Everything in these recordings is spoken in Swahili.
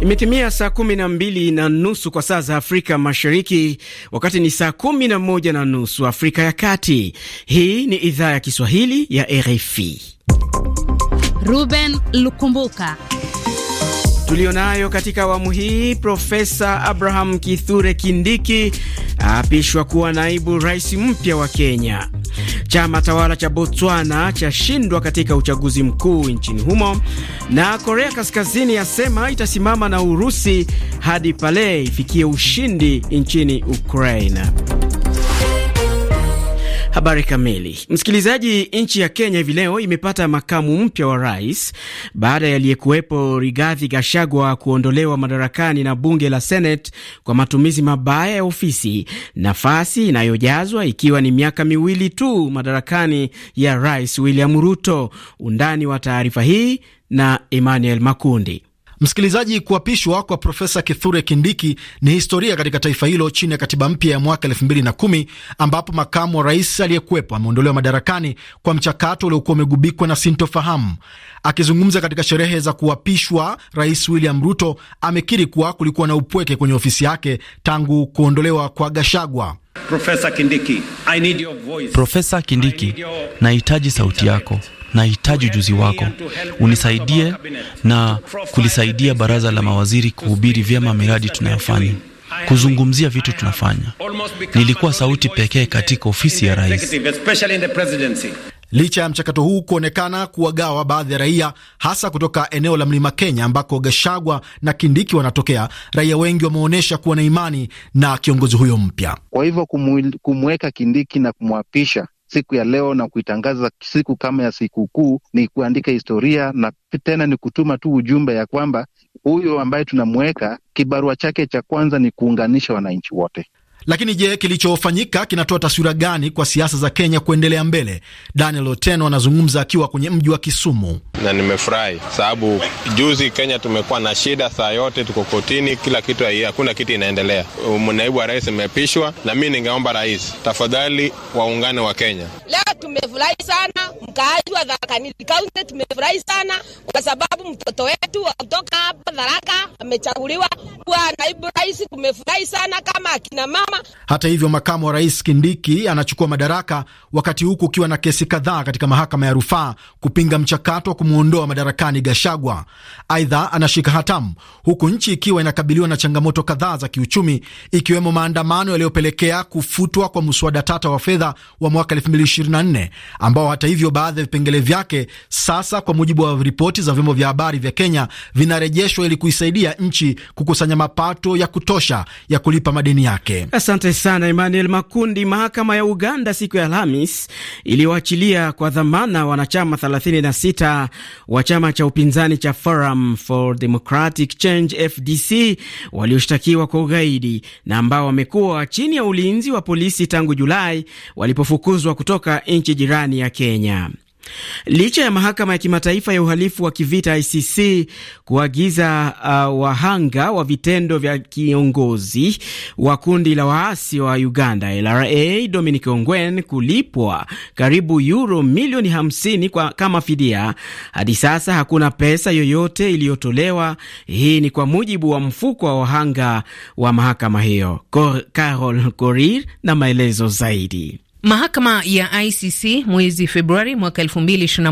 Imetimia saa kumi na mbili na nusu kwa saa za Afrika Mashariki, wakati ni saa kumi na moja na nusu Afrika ya Kati. Hii ni idhaa ya Kiswahili ya RFI. Ruben Lukumbuka tulionayo katika awamu hii. Profesa Abraham Kithure Kindiki aapishwa kuwa naibu rais mpya wa Kenya. Chama tawala cha Botswana chashindwa katika uchaguzi mkuu nchini humo, na Korea Kaskazini yasema itasimama na Urusi hadi pale ifikie ushindi nchini Ukraine. Habari kamili, msikilizaji. Nchi ya Kenya hivi leo imepata makamu mpya wa rais baada ya aliyekuwepo Rigathi Gachagua kuondolewa madarakani na bunge la Senate kwa matumizi mabaya ya ofisi, nafasi inayojazwa ikiwa ni miaka miwili tu madarakani ya Rais William Ruto. Undani wa taarifa hii na Emmanuel Makundi. Msikilizaji, kuapishwa kwa Profesa Kithure Kindiki ni historia katika taifa hilo chini ya katiba mpya ya mwaka elfu mbili na kumi ambapo makamu wa rais aliyekuwepo ameondolewa madarakani kwa mchakato uliokuwa umegubikwa na sintofahamu. Akizungumza katika sherehe za kuapishwa, Rais William Ruto amekiri kuwa kulikuwa na upweke kwenye ofisi yake tangu kuondolewa kwa Gashagwa. Profesa Kindiki, Kindiki, nahitaji sauti yako nahitaji ujuzi wako, unisaidie na kulisaidia baraza la mawaziri kuhubiri vyema miradi tunayofanya kuzungumzia vitu tunafanya. Nilikuwa sauti pekee katika ofisi ya rais. Licha ya mchakato huu kuonekana kuwagawa baadhi ya raia, hasa kutoka eneo la mlima Kenya ambako Gashagwa na Kindiki wanatokea, raia wengi wameonyesha kuwa na imani na kiongozi huyo mpya. Kwa hivyo kumweka Kindiki na kumwapisha siku ya leo na kuitangaza siku kama ya sikukuu ni kuandika historia, na tena ni kutuma tu ujumbe ya kwamba huyo ambaye tunamweka kibarua chake cha kwanza ni kuunganisha wananchi wote. Lakini je, kilichofanyika kinatoa taswira gani kwa siasa za Kenya kuendelea mbele? Daniel oteno anazungumza akiwa kwenye mji wa Kisumu. na nimefurahi sababu juzi Kenya tumekuwa na shida saa yote, tuko kotini, kila kitu, hakuna kitu inaendelea. Um, naibu wa rais imepishwa, na mi ningeomba rais tafadhali waungane wa Kenya. Leo tumefurahi sana mkaaji wa Tharaka Nithi County tumefurahi sana kwa sababu mtoto wetu wa kutoka hapa Tharaka amechaguliwa kuwa naibu rais. Tumefurahi sana kama akina mama. Hata hivyo, makamu wa rais Kindiki anachukua madaraka wakati huku ukiwa na kesi kadhaa katika mahakama ya rufaa kupinga mchakato wa kumwondoa madarakani Gashagwa. Aidha, anashika hatamu huku nchi ikiwa inakabiliwa na changamoto kadhaa za kiuchumi ikiwemo maandamano yaliyopelekea kufutwa kwa mswada tata wa fedha wa mwaka 2024 ambao hata hivyo ba baadhi ya vipengele vyake sasa, kwa mujibu wa ripoti za vyombo vya habari vya Kenya, vinarejeshwa ili kuisaidia nchi kukusanya mapato ya kutosha ya kulipa madeni yake. Asante sana Emmanuel Makundi. Mahakama ya Uganda siku ya Alhamis iliyoachilia kwa dhamana wanachama 36 wa chama cha upinzani cha Forum for Democratic Change FDC walioshtakiwa kwa ugaidi na ambao wamekuwa chini ya ulinzi wa polisi tangu Julai walipofukuzwa kutoka nchi jirani ya Kenya. Licha ya mahakama ya kimataifa ya uhalifu wa kivita ICC kuagiza uh, wahanga wa vitendo vya kiongozi wa kundi la waasi wa Uganda LRA Dominic Ongwen kulipwa karibu euro milioni 50 kwa kama fidia, hadi sasa hakuna pesa yoyote iliyotolewa. Hii ni kwa mujibu wa mfuko wa wahanga wa mahakama hiyo. Carol Korir na maelezo zaidi. Mahakama ya ICC mwezi Februari mwaka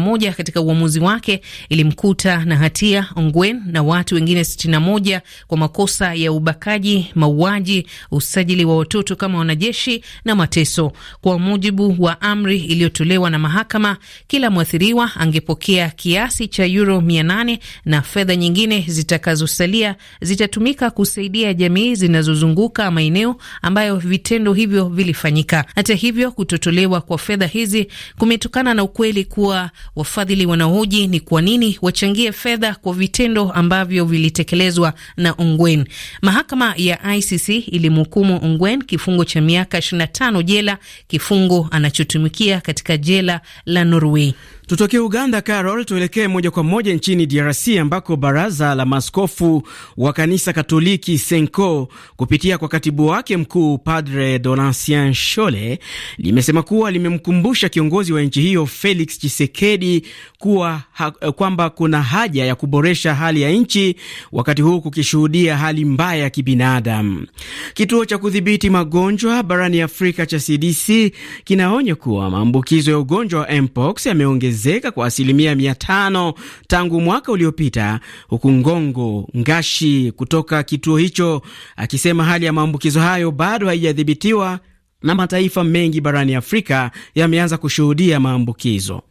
moja katika uamuzi wake ilimkuta na hatia Ongwen na watu wengine moja kwa makosa ya ubakaji, mauaji, usajili wa watoto kama wanajeshi na mateso. Kwa mujibu wa amri iliyotolewa na mahakama, kila mwathiriwa angepokea kiasi cha mia nane na fedha nyingine zitakazosalia zitatumika kusaidia jamii zinazozunguka maeneo ambayo vitendo hivyo vilifanyika. Hata hivyo kutotolewa kwa fedha hizi kumetokana na ukweli kuwa wafadhili wanaohoji ni kwa nini wachangie fedha kwa vitendo ambavyo vilitekelezwa na Ongwen. Mahakama ya ICC ilimhukumu Ongwen kifungo cha miaka 25 jela, kifungo anachotumikia katika jela la Norway. Tutokee Uganda, Carol, tuelekee moja kwa moja nchini DRC ambako baraza la maskofu wa kanisa Katoliki Senko kupitia kwa katibu wake mkuu Padre Donatien Shole limesema kuwa limemkumbusha kiongozi wa nchi hiyo Felix chisekedi kuwa ha, kwamba kuna haja ya kuboresha hali ya nchi wakati huu kukishuhudia hali mbaya ya kibinadamu. Kituo cha kudhibiti magonjwa barani Afrika cha CDC kinaonya kuwa maambukizo ya ugonjwa wa mpox yameongezeka kuongezeka kwa asilimia mia tano tangu mwaka uliopita, huku Ngongo Ngashi kutoka kituo hicho akisema hali ya maambukizo hayo bado haijadhibitiwa na mataifa mengi barani Afrika yameanza kushuhudia maambukizo.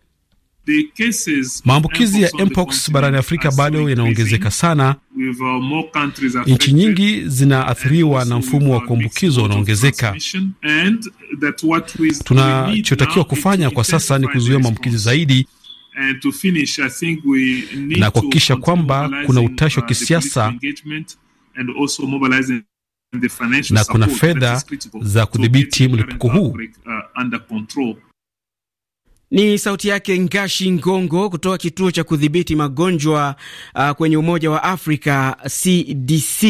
Maambukizi ya mpox barani Afrika bado yanaongezeka sana. Uh, Nchi nyingi zinaathiriwa na mfumo wa kuambukizwa unaongezeka. Tunachotakiwa kufanya kwa sasa ni kuzuia maambukizi zaidi na kuhakikisha kwamba kuna uh, utashi wa kisiasa na kuna fedha za kudhibiti mlipuko huu. Uh, ni sauti yake Ngashi Ngongo kutoka kituo cha kudhibiti magonjwa uh, kwenye Umoja wa Afrika CDC.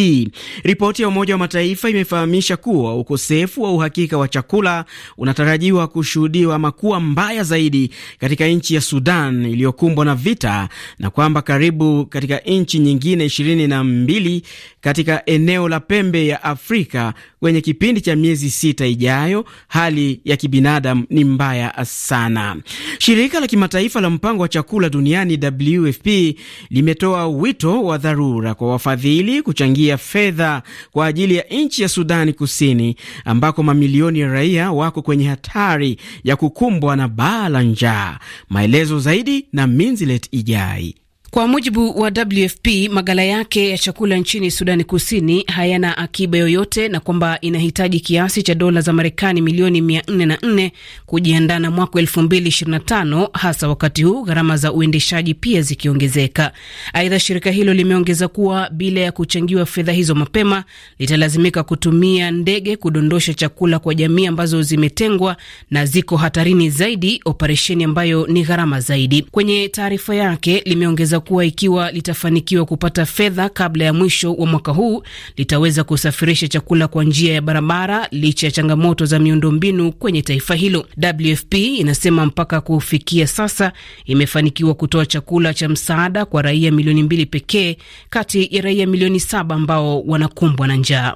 Ripoti ya Umoja wa Mataifa imefahamisha kuwa ukosefu wa uhakika wa chakula unatarajiwa kushuhudiwa makua mbaya zaidi katika nchi ya Sudan iliyokumbwa na vita na kwamba karibu katika nchi nyingine ishirini na mbili katika eneo la pembe ya Afrika kwenye kipindi cha miezi sita ijayo, hali ya kibinadamu ni mbaya sana. Shirika la kimataifa la mpango wa chakula duniani WFP limetoa wito wa dharura kwa wafadhili kuchangia fedha kwa ajili ya nchi ya Sudani Kusini ambako mamilioni ya raia wako kwenye hatari ya kukumbwa na baa la njaa. Maelezo zaidi na Minzilet Ijai. Kwa mujibu wa WFP, magala yake ya chakula nchini Sudani Kusini hayana akiba yoyote na kwamba inahitaji kiasi cha dola za Marekani milioni 404 kujiandaa na mwaka 2025 hasa wakati huu gharama za uendeshaji pia zikiongezeka. Aidha, shirika hilo limeongeza kuwa bila ya kuchangiwa fedha hizo mapema litalazimika kutumia ndege kudondosha chakula kwa jamii ambazo zimetengwa na ziko hatarini zaidi, operesheni ambayo ni gharama zaidi. Kwenye taarifa yake limeongeza kuwa ikiwa litafanikiwa kupata fedha kabla ya mwisho wa mwaka huu litaweza kusafirisha chakula kwa njia ya barabara licha ya changamoto za miundombinu kwenye taifa hilo. WFP inasema mpaka kufikia sasa imefanikiwa kutoa chakula cha msaada kwa raia milioni mbili pekee kati ya raia milioni saba ambao wanakumbwa na njaa.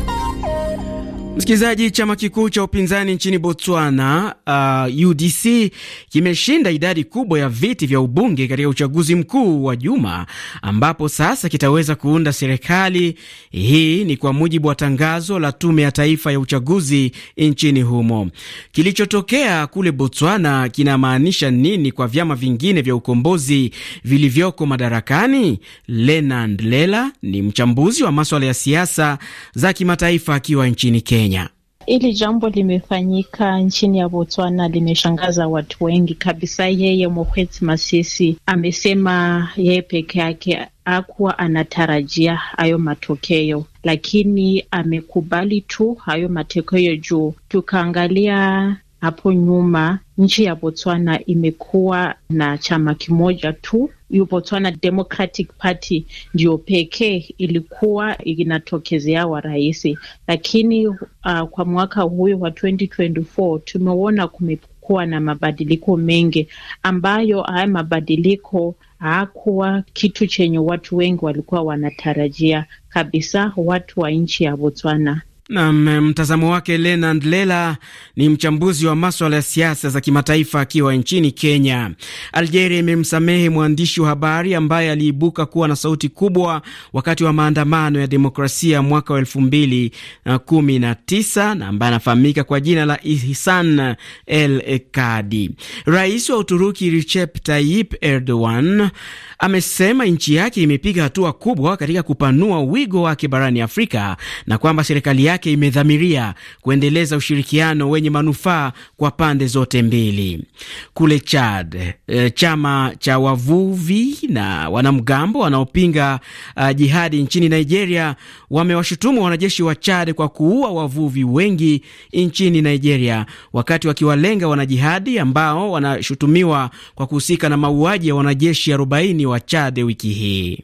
Msikilizaji, chama kikuu cha upinzani nchini Botswana uh, UDC kimeshinda idadi kubwa ya viti vya ubunge katika uchaguzi mkuu wa juma, ambapo sasa kitaweza kuunda serikali. Hii ni kwa mujibu wa tangazo la tume ya taifa ya uchaguzi nchini humo. Kilichotokea kule Botswana kinamaanisha nini kwa vyama vingine vya ukombozi vilivyoko madarakani? Lenand Lela ni mchambuzi wa maswala ya siasa za kimataifa akiwa nchini Kenya. Kenya. Hili jambo limefanyika nchini ya Botswana limeshangaza watu wengi kabisa. Yeye Mokgweetsi Masisi amesema yeye peke yake hakuwa anatarajia hayo matokeo, lakini amekubali tu hayo matokeo juu tukaangalia hapo nyuma nchi ya Botswana imekuwa na chama kimoja tu. Botswana Democratic Party ndio pekee ilikuwa inatokezea wa rais, lakini uh, kwa mwaka huyo wa 2024 tumeona kumekuwa na mabadiliko mengi ambayo haya mabadiliko hakuwa kitu chenye watu wengi walikuwa wanatarajia kabisa. Watu wa nchi ya Botswana Nam mtazamo wake Lenard Lela ni mchambuzi wa maswala ya siasa za kimataifa akiwa nchini Kenya. Algeria imemsamehe mwandishi wa habari ambaye aliibuka kuwa na sauti kubwa wakati wa maandamano ya demokrasia mwaka wa elfu mbili na kumi na tisa na ambaye anafahamika kwa jina la Ihsan El Kadi. Rais wa Uturuki Recep Tayyip Erdogan amesema nchi yake imepiga hatua kubwa katika kupanua wigo wake barani Afrika na kwamba serikali yake yake imedhamiria kuendeleza ushirikiano wenye manufaa kwa pande zote mbili. Kule Chad, e, chama cha wavuvi na wanamgambo wanaopinga uh, jihadi nchini Nigeria wamewashutumu wanajeshi wa Chad kwa kuua wavuvi wengi nchini Nigeria, wakati wakiwalenga wanajihadi ambao wanashutumiwa kwa kuhusika na mauaji ya wanajeshi 40 wa Chad wiki hii.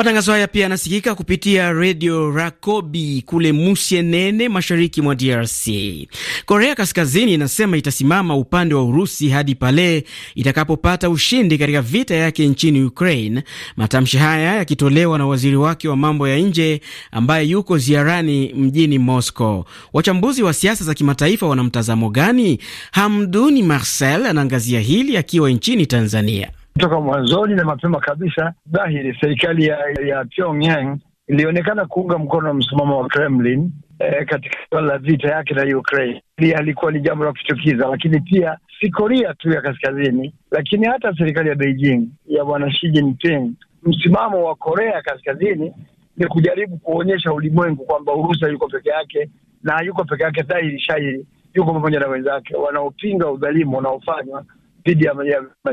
Matangazo haya pia yanasikika kupitia redio Rakobi kule Musienene, mashariki mwa DRC. Korea Kaskazini inasema itasimama upande wa Urusi hadi pale itakapopata ushindi katika vita yake nchini Ukraine. Matamshi haya yakitolewa na waziri wake wa mambo ya nje ambaye yuko ziarani mjini Moscow. Wachambuzi wa siasa za kimataifa wana mtazamo gani? Hamduni Marcel anaangazia hili akiwa nchini Tanzania. Toka mwanzoni na mapema kabisa, dhahiri serikali ya, ya Pyongyang ilionekana kuunga mkono msimamo wa Kremlin eh, katika suala la vita yake na Ukraine. Hili halikuwa ni jambo la kushtukiza, lakini pia si Korea tu ya kaskazini, lakini hata serikali ya Beijing ya bwana Xi Jinping. Msimamo wa Korea kaskazini ni kujaribu kuonyesha ulimwengu kwamba Urusi yuko peke yake na yuko peke yake, dhahiri shairi yuko pamoja na wenzake wanaopinga udhalimu unaofanywa dhidi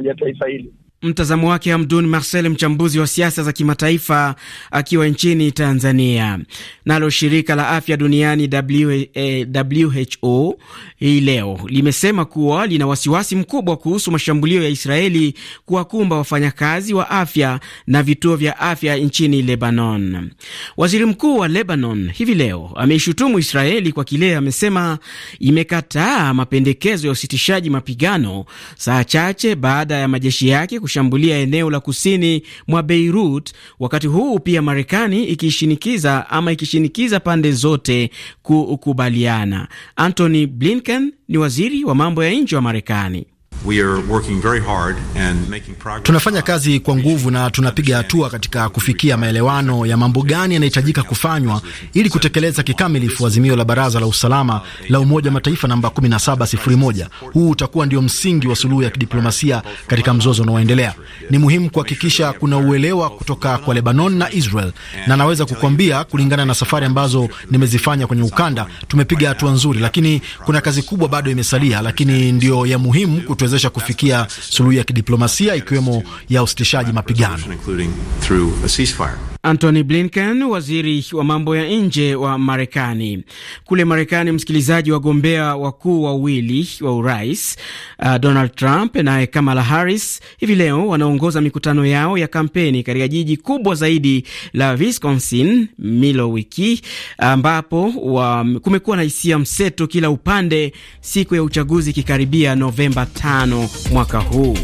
ya taifa hili. Mtazamo wake Hamdun Marcel, mchambuzi wa siasa za kimataifa akiwa nchini Tanzania. Nalo shirika la afya duniani WHO hii leo limesema kuwa lina wasiwasi mkubwa kuhusu mashambulio ya Israeli kuwakumba wafanyakazi wa afya na vituo vya afya nchini Lebanon. Waziri mkuu wa Lebanon hivi leo ameishutumu Israeli kwa kile amesema imekataa mapendekezo ya usitishaji mapigano saa chache baada ya majeshi yake kushambulia eneo la kusini mwa Beirut, wakati huu pia Marekani ikishinikiza ama ikishinikiza pande zote kukubaliana. Antony Blinken ni waziri wa mambo ya nje wa Marekani. We are working very hard and making progress. Tunafanya kazi kwa nguvu na tunapiga hatua katika kufikia maelewano ya mambo gani yanahitajika kufanywa ili kutekeleza kikamilifu azimio la Baraza la Usalama la Umoja wa Mataifa namba 1701. Huu utakuwa ndio msingi wa suluhu ya kidiplomasia katika mzozo unaoendelea. Ni muhimu kuhakikisha kuna uelewa kutoka kwa Lebanon na Israel, na naweza kukwambia kulingana na safari ambazo nimezifanya kwenye ukanda, tumepiga hatua nzuri, lakini kuna kazi kubwa bado imesalia, lakini ndio ya muhimu kuwezesha kufikia suluhu ya kidiplomasia ikiwemo ya usitishaji mapigano. Antony Blinken, waziri wa mambo ya nje wa Marekani. Kule Marekani, msikilizaji, wagombea wakuu wawili wa urais uh, Donald Trump naye Kamala Harris hivi leo wanaongoza mikutano yao ya kampeni katika jiji kubwa zaidi la Wisconsin, Milwaukee, ambapo kumekuwa na hisia mseto kila upande, siku ya uchaguzi ikikaribia Novemba 5. 25 mwaka huu.